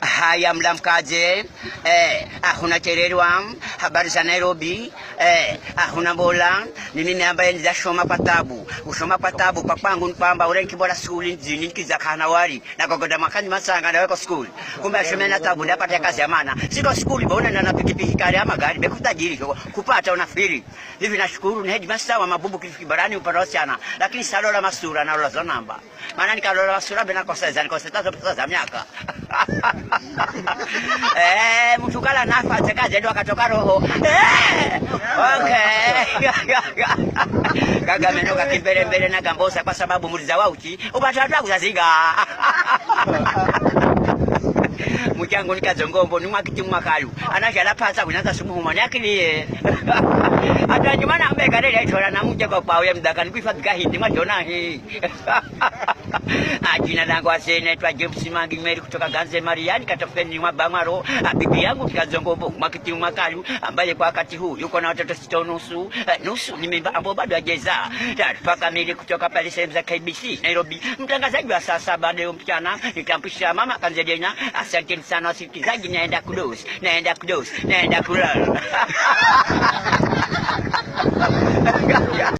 Haya, mlamkaje? Eh, ahuna ah, chererwa, habari za Nairobi. Eh, ahuna ah, bola ni nini ambaye nizashoma tabu ushoma patabu papangu nipamba ure nkibora skuli nzini nkiza kanawari nagogoda makani masanga na weko skuli kumbe ashome na tabu ndapata kazi ya amana siko skuli baona na pikipiki kare ama gari bekutajiri kupata unafiri hivi nashukuru ni headmaster wa mabubu kifiki barani upande wa sana lakini salola masura na lola za namba maana nikalola masura bena kosa koseza nikoseza pesa za miaka eh mtu kala nafa tekaje ndo akatoka roho eh okay kagamenoka na nagambosa kwa sababu muliza wauchi ubatata kuzaziga muchangu nikazongombo nimwakitimwakalu anashala pasa kunyaza sumuhuma nakiliye atanyuma nambekalele aitola pao ya mdaka nikuifagikahindi hii Jina langu Asenaitwa James Mangi Meri kutoka Ganze Mariani katafeni mwabangaro ah, bibi yangu kazongombo mwakiti mwakalu ambaye kwa wakati huu yuko na watoto sita nusu eh, nusu nimemba ambao bado hajaza Taarifa ah, kamili kutoka pale sehemu za KBC Nairobi. Mtangazaji wa saa saba leo mchana nitampisha mama Kanze Dena. asante sana wasikilizaji, naenda kudos, naenda kudos, naenda kulala.